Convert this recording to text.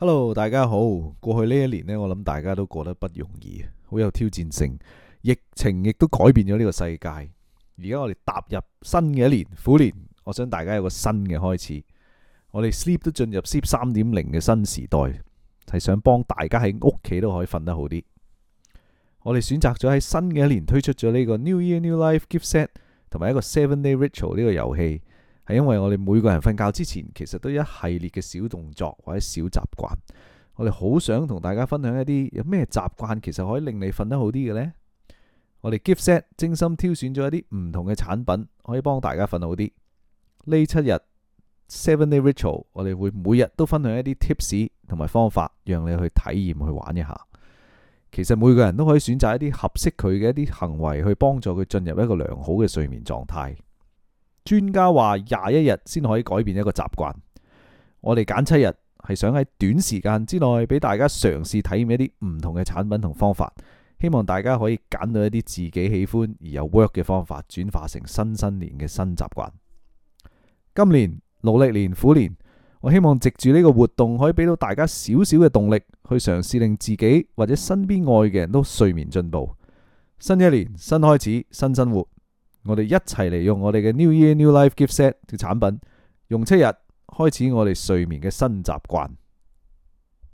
hello，大家好。過去呢一年咧，我諗大家都過得不容易，好有挑戰性。疫情亦都改變咗呢個世界。而家我哋踏入新嘅一年，虎年，我想大家有個新嘅開始。我哋 Sleeep 都進入 Sleeep 三點零嘅新時代，係想幫大家喺屋企都可以瞓得好啲。我哋選擇咗喺新嘅一年推出咗呢個 New Year New Life Gift Set，同埋一個 Seven Day Ritual 呢個遊戲。係因為我哋每個人瞓覺之前，其實都有一系列嘅小動作或者小習慣。我哋好想同大家分享一啲有咩習慣，其實可以令你瞓得好啲嘅呢。我哋 giftset 精心挑選咗一啲唔同嘅產品，可以幫大家瞓好啲。呢七日 Seven Day Ritual，我哋會每日都分享一啲 tips 同埋方法，讓你去體驗去玩一下。其實每個人都可以選擇一啲合適佢嘅一啲行為，去幫助佢進入一個良好嘅睡眠狀態。專家話廿一日先可以改變一個習慣，我哋揀七日係想喺短時間之內俾大家嘗試體驗一啲唔同嘅產品同方法，希望大家可以揀到一啲自己喜歡而又 work 嘅方法，轉化成新新年嘅新習慣。今年農曆年虎年，我希望藉住呢個活動可以俾到大家少少嘅動力，去嘗試令自己或者身邊愛嘅人都睡眠進步。新一年新開始新生活。我哋一齊嚟用我哋嘅 New Year New Life Gift Set 嘅產品，用七日開始我哋睡眠嘅新習慣。